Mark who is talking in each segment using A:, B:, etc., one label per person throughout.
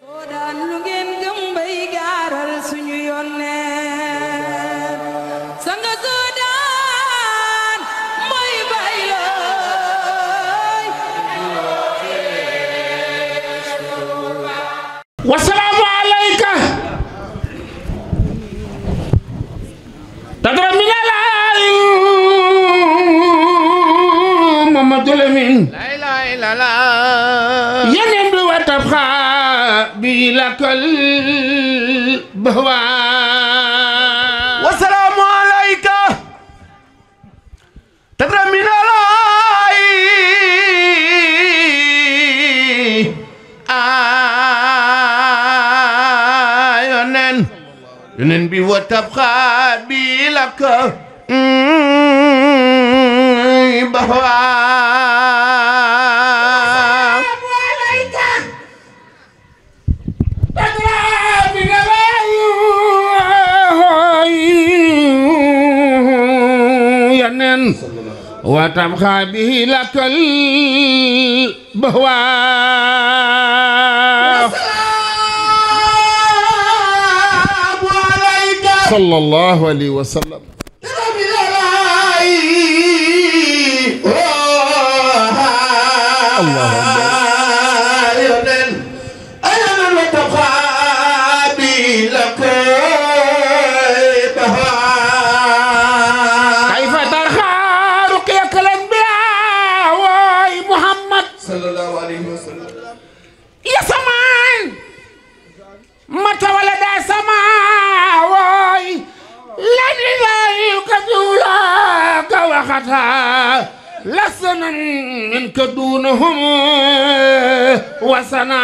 A: soo daan lu ngeen gëm bay gaaral min alaayim mamadou lemin la بي لك البهوان والسلام عليك تدرى من الله آيونن يونن بي وتبقى بي لك بهوان لا تمخى به لك البهوى صلى الله عليه وسلم الله أكبر من تخابي لك منك دونهم وسنا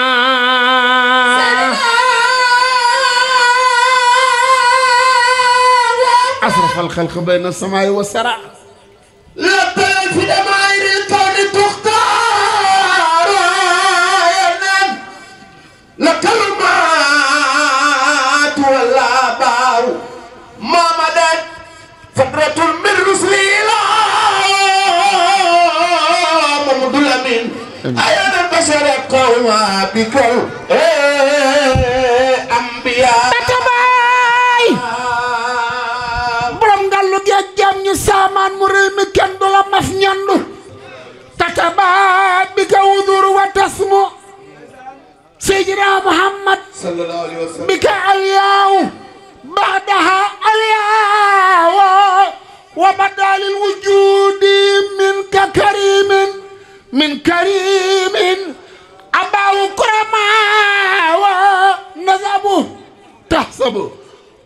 A: أصرف الخلق بين السماء والسراء لبيت دماء sore kau mati eh ambia dia jamnya sama murai mikian dola mas nyandu tacamai bika udur Muhammad Bika aliyahu Ba'daha aliyahu Wa badalil wujudi Min kakarimin Min karimin تحسب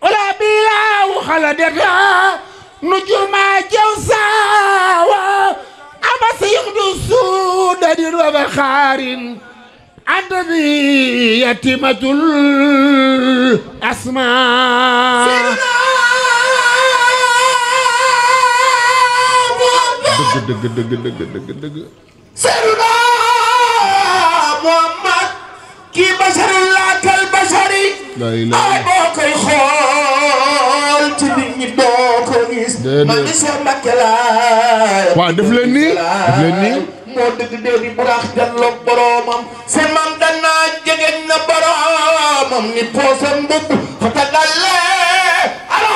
A: ولا بلا وخلدتها نجوم جوسا أما سيغد السودان وبخار عند ذي يتيمة الأسماء سيدنا البشر لا كالبشر اي بوكاي خول تي نيت دوكو غيس ما نسو مكلا وا دف لين ني دف لين ني moo dëgg dee di buraax jàlloog boroomam sa mam na boroomam ni poosam mbubb xata dalle ala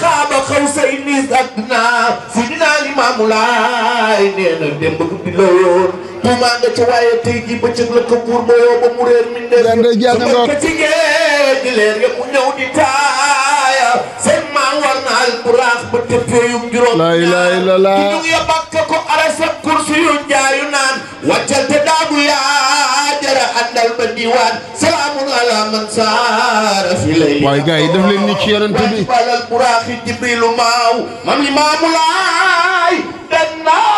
A: xaaba xaw sa indi ak dinaa si dinaa laa baay nee na démb guddi la woon tuumaa nga ci waaye tey jii bëccëg la ko buur ba yoo ba mu réer mi ndéef su ma ko ci géej leer nga mu ñëw di taaya seen maam war na al buraax ba tëppeeyum juróom la ilaha illallah ñu ngi bakk ko arasab kursi yu njaayu naan wàccal te daagu yaa jara àndal ba diwaan salaamun ala man saara fi lay waaye gars yi def leen ni ci yonent bi balal buraaxi jibrilu maaw mam li maamu laay dannaa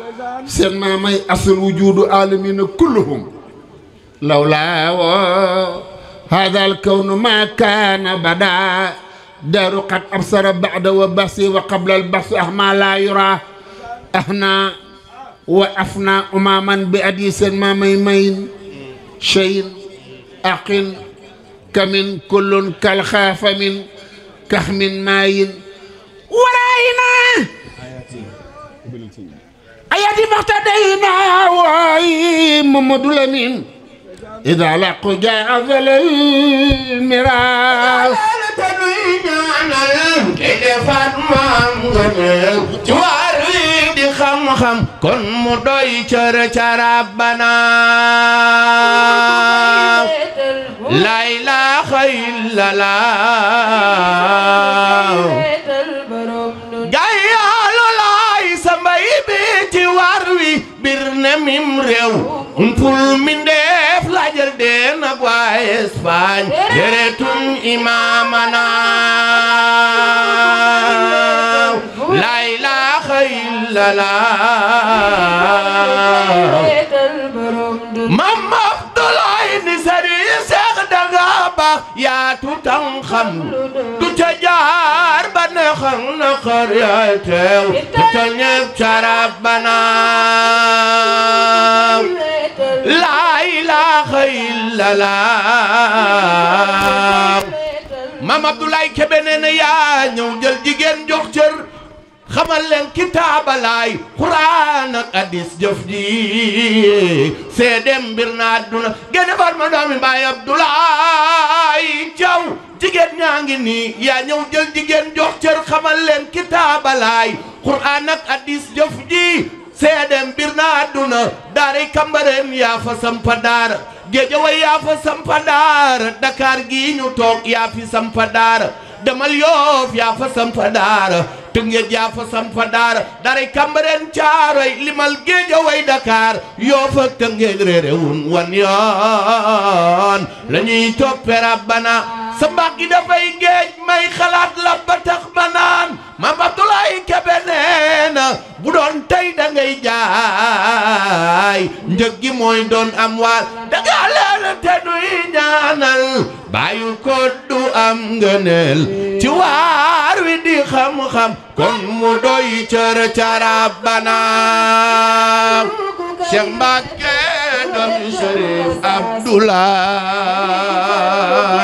A: سيدنا ماي أصل وجود العالمين كلهم لو لولا هذا الكون ما كان بدا دار قد أبصر بعد وبسي وقبل البس أهما لا يرى أهنا وأفنا أماما بأديس ما ميمين شيء أقن كمن كل كالخاف من كهم ماين ورأينا ayati maxtadayna waay Mamadou Lamine ida laqu jaa azalal miraas ci waar wi di xam-xam kon mu doy cër carab banaa la ilaha illallah ne mim réew umpul mindeef la jël dee nag waa Espagne deretum imaamana la ilaha illallah mam Abdoulaye ni sari seex danga baax yaa tutan xam du ca jaar na xar yaay teew te ñépp carab banaam na yaa ñëw jël jigéen jox cër xamal leen kitaabalaay xuraan ak addis jëf ji seedem mbir na àdduna gene bar ma ngi nii yaa ñëw jël jigéen jox cër xamal leen kitaabalaay quraan ak hadis jëf ji seede mbir na àdduna daaray Cambérène fa sampa daara Guédiawaye yaa fa sampa daara Dakar toog yaa fi sampa daara demal Yoff fa sampa Tëngéej yaa fa sampa daara daaray Caaroy limal Guédiawaye Dakar Yoff ak Tëngéej réeré wan yoon la ñuy toppe rabbana sa gi dafay géej may xalaat la ba tax ma naan maam bu doon tey da ngay jaay njëg gi doon am waal da ngaa duy ñaanal bàyyul ko du am ngëneel ci waar wi di xam-xam mu doy cër carab banaam Cheikh Mbacke doon Sëriñ Abdoulaye